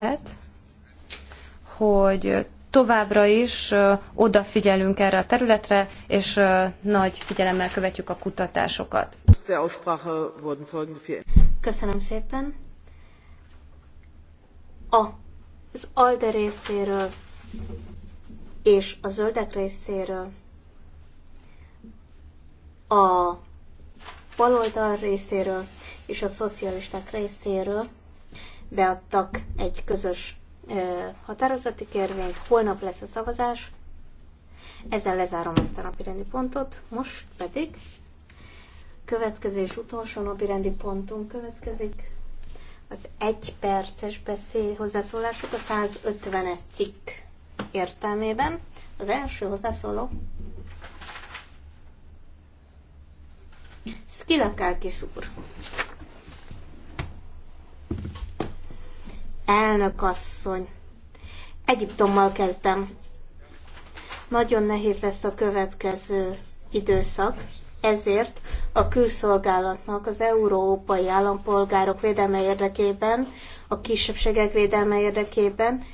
lehet, hogy továbbra is odafigyelünk erre a területre, és nagy figyelemmel követjük a kutatásokat. Köszönöm szépen. A, az ALDE részéről és a zöldek részéről a baloldal részéről és a szocialisták részéről beadtak egy közös határozati kérvényt, holnap lesz a szavazás. Ezzel lezárom ezt a napirendi pontot, most pedig következő és utolsó napirendi pontunk következik. Az egy perces beszél hozzászólások a 150-es cikk értelmében. Az első hozzászóló Skilakakis úr. Elnök asszony, Egyiptommal kezdem. Nagyon nehéz lesz a következő időszak, ezért a külszolgálatnak az európai állampolgárok védelme érdekében, a kisebbségek védelme érdekében,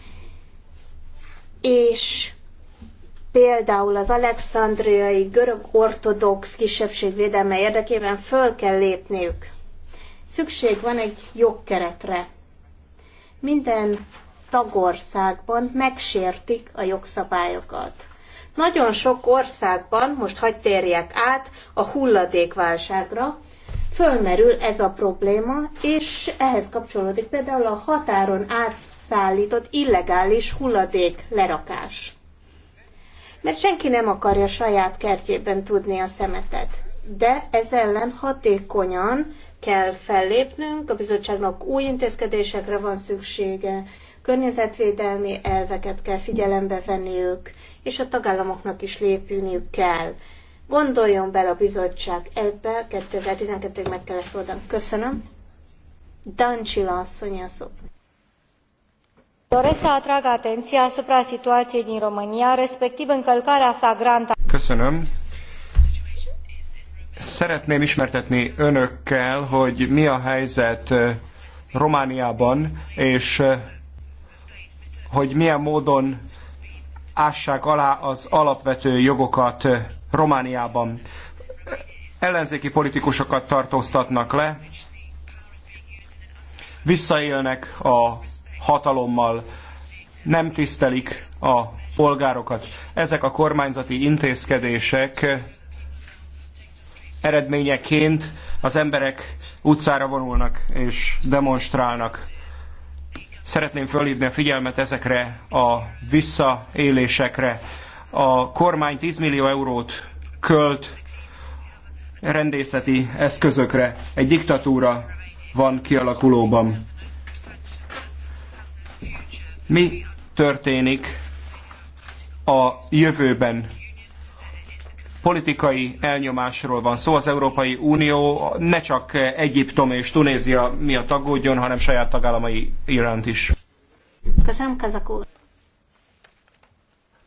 és például az alexandriai görög ortodox kisebbség védelme érdekében föl kell lépniük. Szükség van egy jogkeretre minden tagországban megsértik a jogszabályokat. Nagyon sok országban, most hagy térjek át a hulladékválságra, fölmerül ez a probléma, és ehhez kapcsolódik például a határon átszállított illegális hulladék lerakás. Mert senki nem akarja saját kertjében tudni a szemetet, de ez ellen hatékonyan kell fellépnünk, a bizottságnak új intézkedésekre van szüksége, környezetvédelmi elveket kell figyelembe venniük, és a tagállamoknak is lépniük kell. Gondoljon bele a bizottság ebbe, 2012-ig meg kell ezt oldani. Köszönöm. Dancsila asszony a szó. Doresc să atrag atenția asupra situației din România, respectiv încălcarea flagrantă. Köszönöm Szeretném ismertetni önökkel, hogy mi a helyzet Romániában, és hogy milyen módon ássák alá az alapvető jogokat Romániában. Ellenzéki politikusokat tartóztatnak le, visszaélnek a hatalommal, nem tisztelik a polgárokat. Ezek a kormányzati intézkedések eredményeként az emberek utcára vonulnak és demonstrálnak. Szeretném fölhívni a figyelmet ezekre a visszaélésekre. A kormány 10 millió eurót költ rendészeti eszközökre. Egy diktatúra van kialakulóban. Mi történik a jövőben? Politikai elnyomásról van szó. Az Európai Unió ne csak Egyiptom és Tunézia miatt aggódjon, hanem saját tagállamai iránt is. Köszönöm, Kazak úr.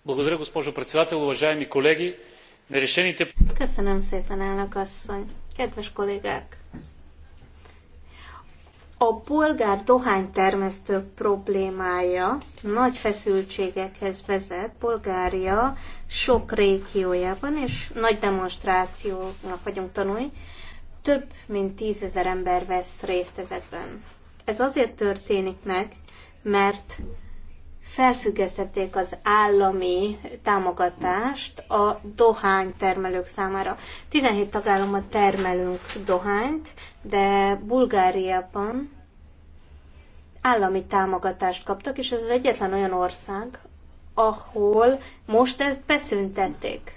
Благодаря, госпожо председател, уважаеми колеги. Köszönöm szépen, elnök asszony. Kedves kollégák! A polgár dohánytermesztő problémája nagy feszültségekhez vezet Bulgária sok régiójában, és nagy demonstrációnak vagyunk tanulni. Több mint tízezer ember vesz részt ezekben. Ez azért történik meg, mert felfüggesztették az állami támogatást a dohánytermelők számára. 17 tagállamban termelünk dohányt, de Bulgáriában állami támogatást kaptak, és ez az egyetlen olyan ország, ahol most ezt beszüntették.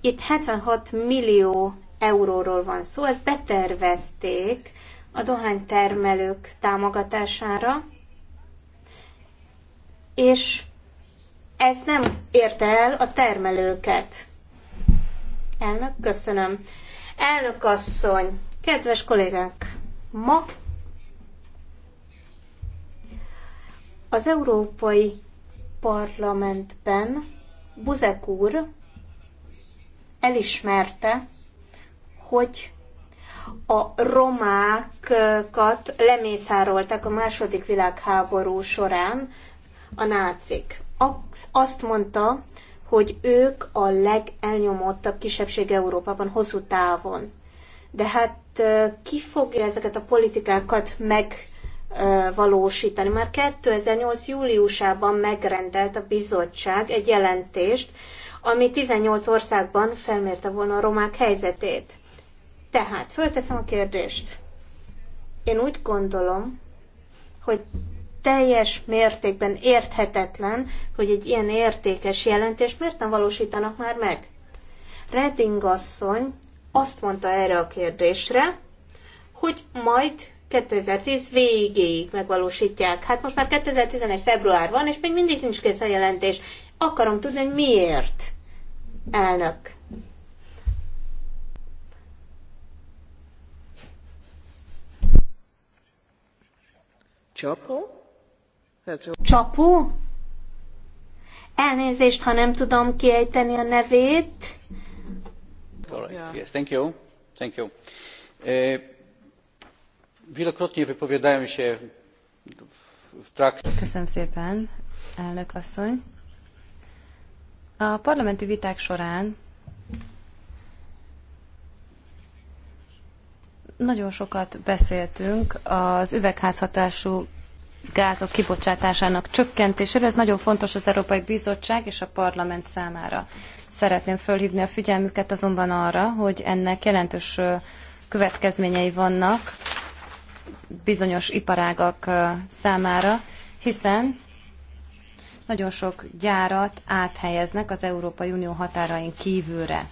Itt 76 millió euróról van szó, ezt betervezték a dohánytermelők támogatására, és ez nem érte el a termelőket. Elnök, köszönöm. Elnök asszony, kedves kollégák, ma az Európai Parlamentben Buzek úr elismerte, hogy a romákat lemészárolták a második világháború során, a nácik. Azt mondta, hogy ők a legelnyomottabb kisebbség Európában hosszú távon. De hát ki fogja ezeket a politikákat megvalósítani? Már 2008. júliusában megrendelt a bizottság egy jelentést, ami 18 országban felmérte volna a romák helyzetét. Tehát fölteszem a kérdést. Én úgy gondolom, hogy teljes mértékben érthetetlen, hogy egy ilyen értékes jelentés miért nem valósítanak már meg. Redding asszony azt mondta erre a kérdésre, hogy majd 2010 végéig megvalósítják. Hát most már 2011 február van, és még mindig nincs kész a jelentés. Akarom tudni, hogy miért, elnök. Csapó? Csapó? Elnézést, ha nem tudom kiejteni a nevét. Yes, thank you. Thank you. E, wielokrotnie wypowiadałem się w trakcie... Köszönöm szépen, elnök asszony. A parlamenti viták során nagyon sokat beszéltünk az üvegházhatású gázok kibocsátásának csökkentésére. Ez nagyon fontos az Európai Bizottság és a Parlament számára. Szeretném fölhívni a figyelmüket azonban arra, hogy ennek jelentős következményei vannak bizonyos iparágak számára, hiszen nagyon sok gyárat áthelyeznek az Európai Unió határain kívülre.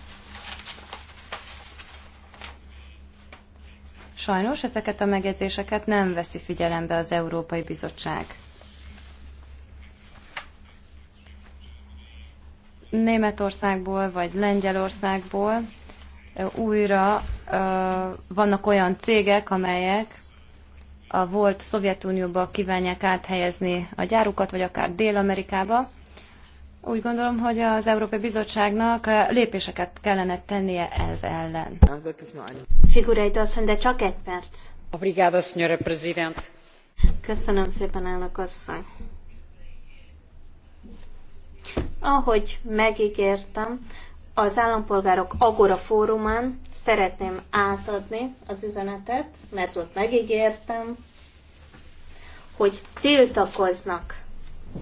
Sajnos ezeket a megjegyzéseket nem veszi figyelembe az Európai Bizottság. Németországból vagy Lengyelországból újra vannak olyan cégek, amelyek a volt Szovjetunióba kívánják áthelyezni a gyárukat, vagy akár Dél-Amerikába. Úgy gondolom, hogy az Európai Bizottságnak lépéseket kellene tennie ez ellen ahogy meggértem az állampolgárok agora fórumán szeretném átadni az üzenetet mert ott meggértem hogy tiltakoznak a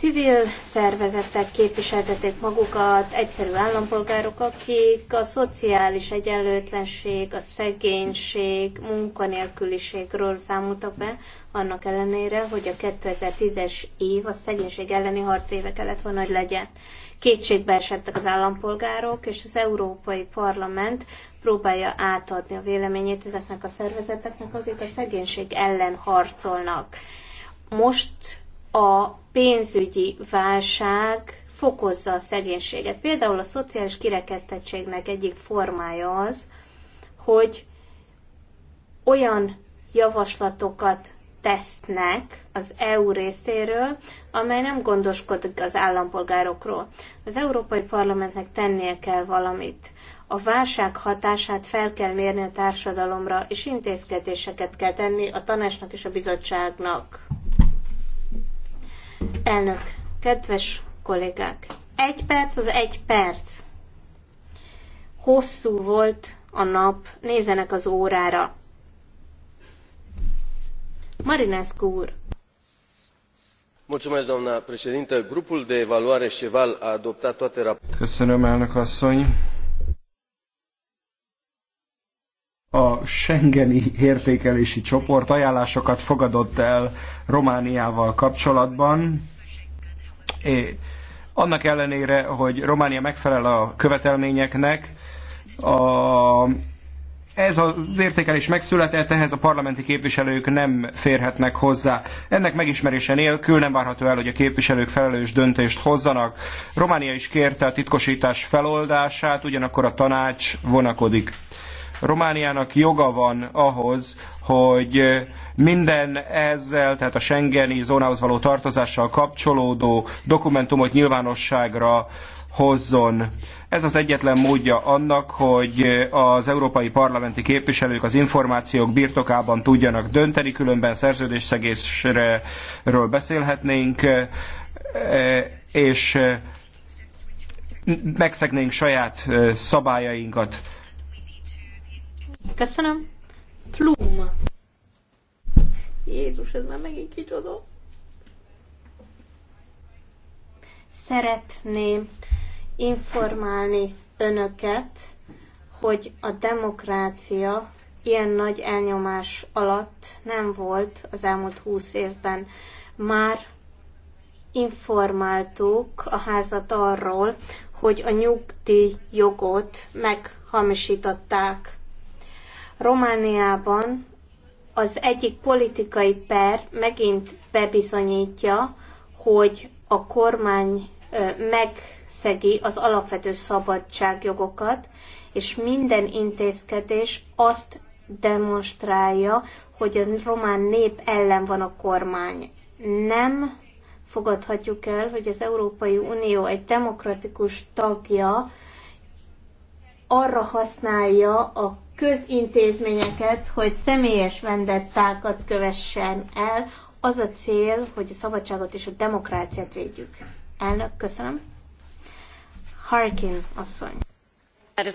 civil szervezetek képviseltetik magukat, egyszerű állampolgárok, akik a szociális egyenlőtlenség, a szegénység, munkanélküliségről számoltak be, annak ellenére, hogy a 2010-es év a szegénység elleni harc éve kellett volna, hogy legyen. Kétségbe esettek az állampolgárok, és az Európai Parlament próbálja átadni a véleményét ezeknek a szervezeteknek, akik a szegénység ellen harcolnak. Most a pénzügyi válság fokozza a szegénységet. Például a szociális kirekesztettségnek egyik formája az, hogy olyan javaslatokat tesznek az EU részéről, amely nem gondoskodik az állampolgárokról. Az Európai Parlamentnek tennie kell valamit. A válság hatását fel kell mérni a társadalomra, és intézkedéseket kell tenni a tanácsnak és a bizottságnak. Elnök, kedves kollégák, egy perc az egy perc. Hosszú volt a nap, nézenek az órára. Marinescu úr. Mulțumesc, doamna președintă. Grupul de evaluare Cheval a adoptat toate rapoartele. Köszönöm, elnök asszony a Schengeni értékelési csoport ajánlásokat fogadott el Romániával kapcsolatban. É, annak ellenére, hogy Románia megfelel a követelményeknek, a, ez az értékelés megszületett, ehhez a parlamenti képviselők nem férhetnek hozzá. Ennek megismerése nélkül nem várható el, hogy a képviselők felelős döntést hozzanak. Románia is kérte a titkosítás feloldását, ugyanakkor a tanács vonakodik. Romániának joga van ahhoz, hogy minden ezzel, tehát a Schengeni zónához való tartozással kapcsolódó dokumentumot nyilvánosságra hozzon. Ez az egyetlen módja annak, hogy az európai parlamenti képviselők az információk birtokában tudjanak dönteni, különben szerződésszegésről beszélhetnénk, és megszegnénk saját szabályainkat. Köszönöm. Plum. Jézus, ez már megint kicsoda. Szeretném informálni önöket, hogy a demokrácia ilyen nagy elnyomás alatt nem volt az elmúlt húsz évben. Már informáltuk a házat arról, hogy a nyugdíj jogot meghamisították. Romániában az egyik politikai per megint bebizonyítja, hogy a kormány megszegi az alapvető szabadságjogokat, és minden intézkedés azt demonstrálja, hogy a román nép ellen van a kormány. Nem fogadhatjuk el, hogy az Európai Unió egy demokratikus tagja arra használja a közintézményeket, hogy személyes vendettákat kövessen el. Az a cél, hogy a szabadságot és a demokráciát védjük. Elnök, köszönöm. Harkin asszony. E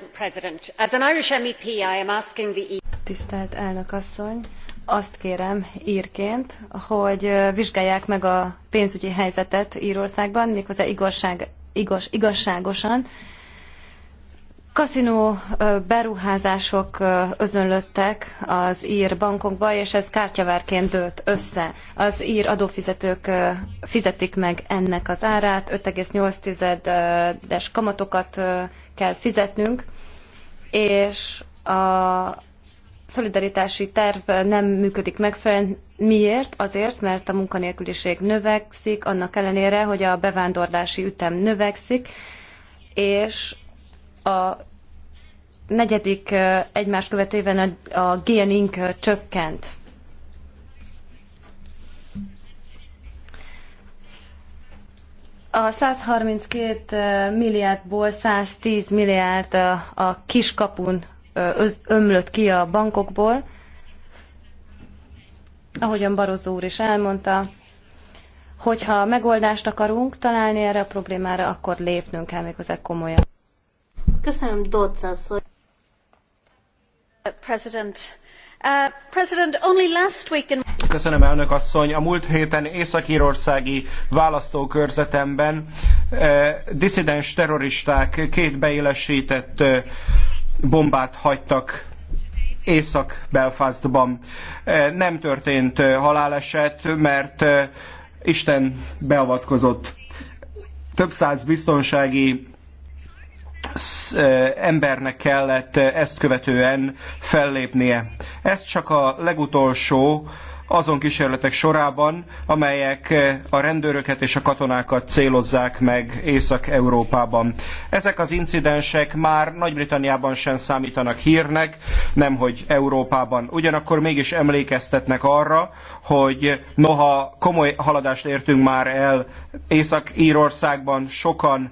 e Tisztelt elnök asszony, azt kérem írként, hogy vizsgálják meg a pénzügyi helyzetet Írországban, méghozzá igazság, igaz, igazságosan, kaszinó beruházások özönlöttek az ír bankokba, és ez kártyavárként dőlt össze. Az ír adófizetők fizetik meg ennek az árát, 5,8-es kamatokat kell fizetnünk, és a szolidaritási terv nem működik megfelelően. Miért? Azért, mert a munkanélküliség növekszik, annak ellenére, hogy a bevándorlási ütem növekszik, és a negyedik egymás követőben a, a csökkent. A 132 milliárdból 110 milliárd a kiskapun ömlött ki a bankokból. Ahogyan Barozó úr is elmondta, hogyha megoldást akarunk találni erre a problémára, akkor lépnünk kell méghozzá komolyan. Köszönöm, Dodds President. Uh, President, only last week in... Köszönöm, elnök asszony. A múlt héten Észak-Írországi választókörzetemben uh, diszidens terroristák két beélesített uh, bombát hagytak Észak-Belfastban. Uh, nem történt uh, haláleset, mert uh, Isten beavatkozott. Több száz biztonsági embernek kellett ezt követően fellépnie. Ez csak a legutolsó azon kísérletek sorában, amelyek a rendőröket és a katonákat célozzák meg Észak-Európában. Ezek az incidensek már Nagy-Britanniában sem számítanak hírnek, nemhogy Európában. Ugyanakkor mégis emlékeztetnek arra, hogy noha komoly haladást értünk már el Észak-Írországban, sokan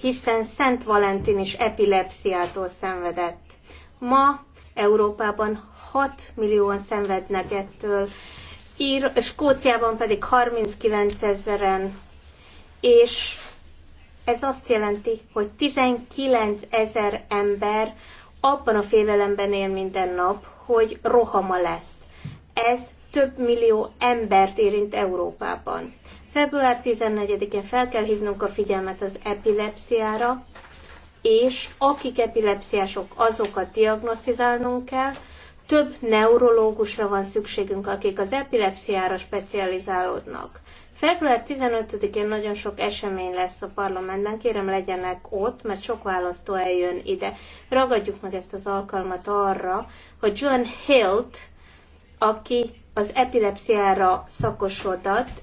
hiszen Szent Valentin is epilepsziától szenvedett. Ma Európában 6 millióan szenvednek ettől, Ír, Skóciában pedig 39 ezeren, és ez azt jelenti, hogy 19 ezer ember abban a félelemben él minden nap, hogy rohama lesz. Ez több millió embert érint Európában. Február 14-én fel kell hívnunk a figyelmet az epilepsziára, és akik epilepsziások, azokat diagnosztizálnunk kell, több neurológusra van szükségünk, akik az epilepsziára specializálódnak. Február 15-én nagyon sok esemény lesz a parlamentben, kérem legyenek ott, mert sok választó eljön ide. Ragadjuk meg ezt az alkalmat arra, hogy John Hilt, aki az epilepsziára szakosodott,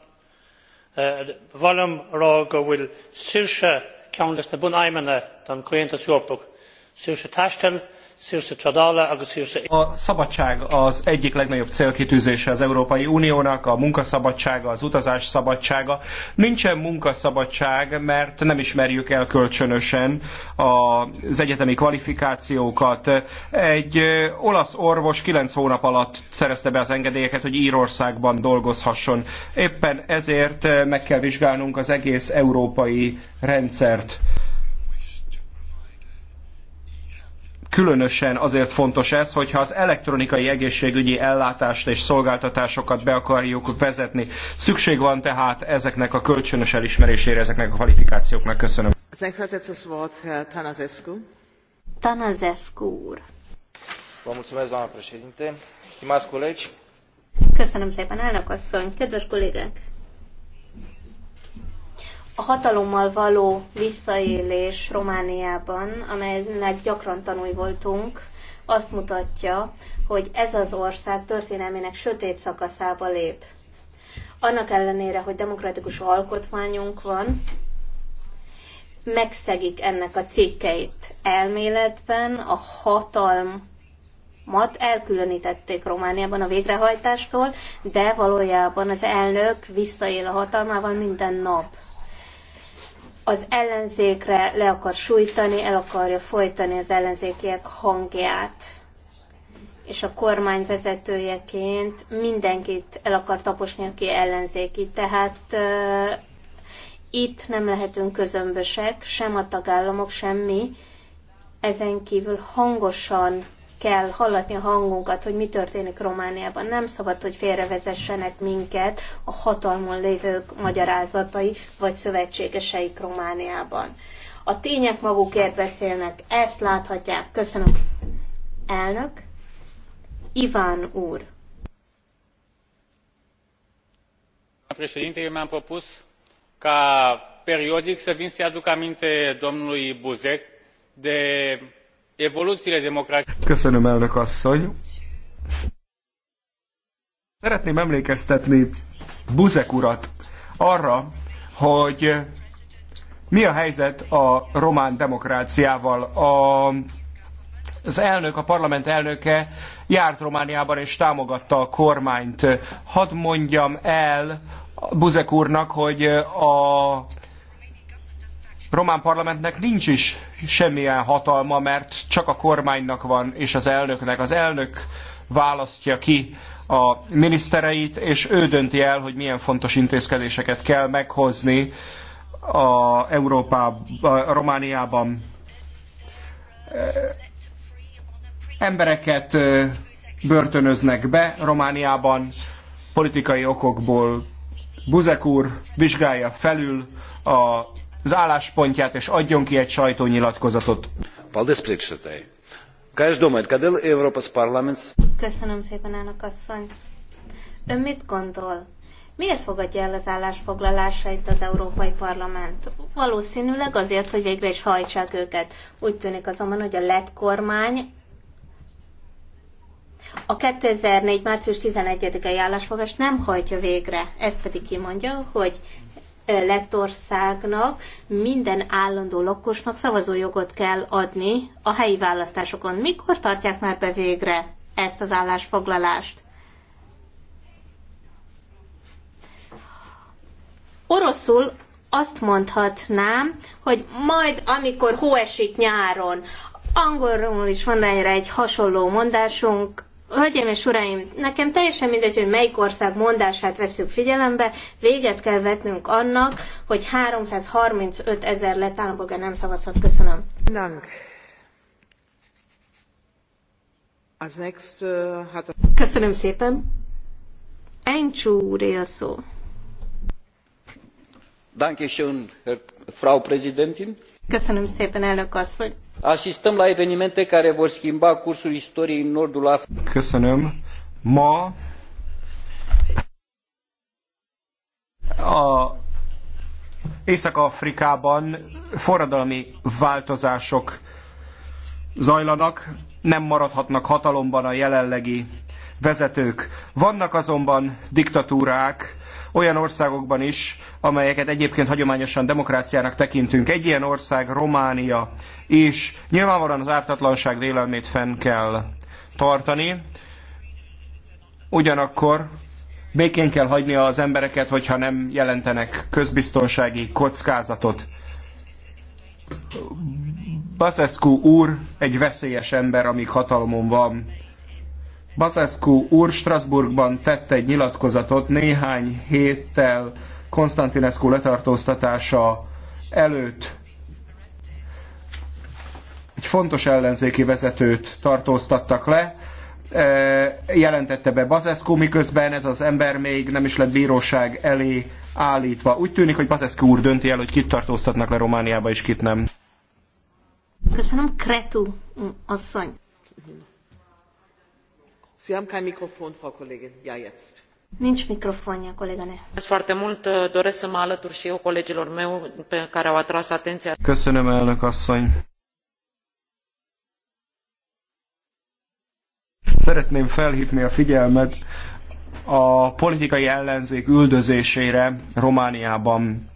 bhuailim uh, rá gur bhfuil saoirse ceannas na bunaimeanna don chaontas eorpach saoirse taistil a szabadság az egyik legnagyobb célkitűzése az Európai Uniónak, a munkaszabadsága, az utazás szabadsága. Nincsen munkaszabadság, mert nem ismerjük el kölcsönösen az egyetemi kvalifikációkat. Egy olasz orvos 9 hónap alatt szerezte be az engedélyeket, hogy Írországban dolgozhasson. Éppen ezért meg kell vizsgálnunk az egész európai rendszert. Különösen azért fontos ez, hogyha az elektronikai egészségügyi ellátást és szolgáltatásokat be akarjuk vezetni. Szükség van tehát ezeknek a kölcsönös elismerésére, ezeknek a kvalifikációknak. Köszönöm. Köszönöm szépen, elnök asszony, kedves kollégák! a hatalommal való visszaélés Romániában, amelynek gyakran tanulj voltunk, azt mutatja, hogy ez az ország történelmének sötét szakaszába lép. Annak ellenére, hogy demokratikus alkotmányunk van, megszegik ennek a cikkeit. Elméletben a hatalmat elkülönítették Romániában a végrehajtástól, de valójában az elnök visszaél a hatalmával minden nap az ellenzékre le akar sújtani, el akarja folytani az ellenzékiek hangját. És a kormány vezetőjeként mindenkit el akar taposni, aki ellenzéki. Tehát uh, itt nem lehetünk közömbösek, sem a tagállamok, semmi. Ezen kívül hangosan kell hallatni a hangunkat, hogy mi történik Romániában. Nem szabad, hogy félrevezessenek minket a hatalmon lévők magyarázatai vagy szövetségeseik Romániában. A tények magukért beszélnek, ezt láthatják. Köszönöm. Elnök. Iván úr. președinte eu mi am propus ca periodic să vin să i aduc aminte domnului Buzec de Köszönöm, elnök asszony. Szeretném emlékeztetni Buzek urat arra, hogy mi a helyzet a román demokráciával. A, az elnök, a parlament elnöke járt Romániában és támogatta a kormányt. Hadd mondjam el Buzek úrnak, hogy a román parlamentnek nincs is semmilyen hatalma, mert csak a kormánynak van, és az elnöknek. Az elnök választja ki a minisztereit, és ő dönti el, hogy milyen fontos intézkedéseket kell meghozni a Európában, a Romániában. Embereket börtönöznek be Romániában politikai okokból. Buzek úr vizsgálja felül a az álláspontját, és adjon ki egy sajtónyilatkozatot. Köszönöm szépen, elnök asszony. Ön mit gondol? Miért fogadja el az állásfoglalásait az Európai Parlament? Valószínűleg azért, hogy végre is hajtsák őket. Úgy tűnik azonban, hogy a lett kormány a 2004. március 11-i állásfogás nem hajtja végre. Ez pedig kimondja, hogy Lettországnak minden állandó lakosnak szavazójogot kell adni a helyi választásokon. Mikor tartják már be végre ezt az állásfoglalást? Oroszul azt mondhatnám, hogy majd amikor hó esik nyáron, angolról is van erre egy hasonló mondásunk, Hölgyeim és uraim, nekem teljesen mindegy, hogy melyik ország mondását veszük figyelembe, véget kell vetnünk annak, hogy 335 ezer lett nem szavazhat. Köszönöm. Dank. Az next, uh, hát a... Köszönöm szépen. Encsú úr, a szó. Frau Präsidentin. Köszönöm szépen, elnök asszony asistăm la evenimente care vor schimba cursul istoriei în nordul Africii. Ma a Észak-Afrikában forradalmi változások zajlanak, nem maradhatnak hatalomban a jelenlegi vezetők. Vannak azonban diktatúrák, olyan országokban is, amelyeket egyébként hagyományosan demokráciának tekintünk. Egy ilyen ország Románia, és nyilvánvalóan az ártatlanság vélelmét fenn kell tartani. Ugyanakkor békén kell hagyni az embereket, hogyha nem jelentenek közbiztonsági kockázatot. Basescu úr egy veszélyes ember, amíg hatalmon van. Bazescu úr Strasbourgban tett egy nyilatkozatot néhány héttel Konstantinescu letartóztatása előtt. Egy fontos ellenzéki vezetőt tartóztattak le, e, jelentette be Bazescu, miközben ez az ember még nem is lett bíróság elé állítva. Úgy tűnik, hogy Bazescu úr dönti el, hogy kit tartóztatnak le Romániába, és kit nem. Köszönöm, Kretu asszony. Sie haben kein Mikrofon, Frau Kollegin. Ja, jetzt. Nincs mikrofonja, kolléganő. Foarte mult doresc să mă alătur și eu colegilor meu pe care au atras atenția. elnök asszony. Szeretném felhívni a figyelmet a politikai ellenzék üldözésére Romániában.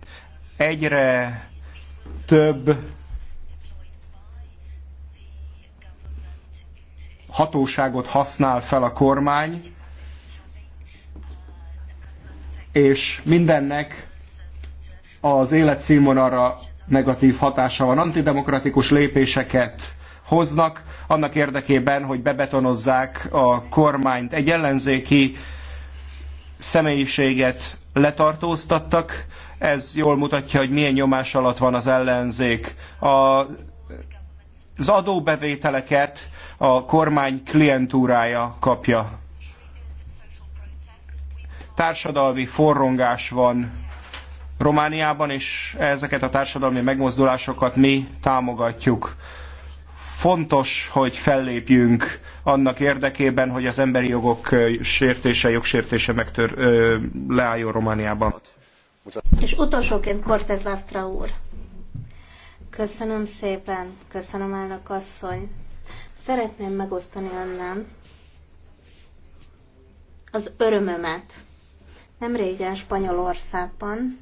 Egyre több hatóságot használ fel a kormány, és mindennek az életszínvonalra negatív hatása van. Antidemokratikus lépéseket hoznak annak érdekében, hogy bebetonozzák a kormányt. Egy ellenzéki személyiséget letartóztattak, ez jól mutatja, hogy milyen nyomás alatt van az ellenzék. A, az adóbevételeket a kormány klientúrája kapja. Társadalmi forrongás van Romániában, és ezeket a társadalmi megmozdulásokat mi támogatjuk. Fontos, hogy fellépjünk annak érdekében, hogy az emberi jogok sértése, jogsértése megtör, ö, leálljon Romániában. És utolsóként Cortez Lastra úr. Köszönöm szépen, köszönöm elnök asszony. Szeretném megosztani önnem az örömömet. Nem régen Spanyolországban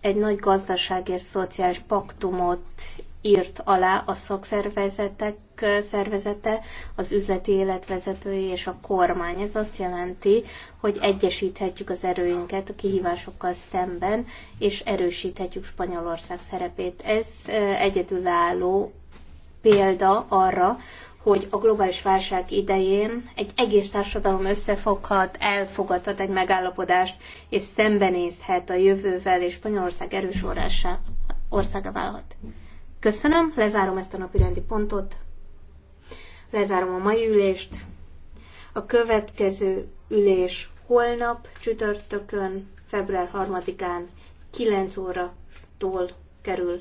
egy nagy gazdasági és szociális paktumot írt alá a szakszervezetek szervezete, az üzleti életvezetői és a kormány. Ez azt jelenti, hogy egyesíthetjük az erőinket a kihívásokkal szemben, és erősíthetjük Spanyolország szerepét. Ez egyedülálló példa arra, hogy a globális válság idején egy egész társadalom összefoghat, elfogadhat egy megállapodást, és szembenézhet a jövővel, és Spanyolország erős orrása, országa válhat. Köszönöm, lezárom ezt a napi rendi pontot, lezárom a mai ülést. A következő ülés holnap, csütörtökön, február 3-án 9 óra kerül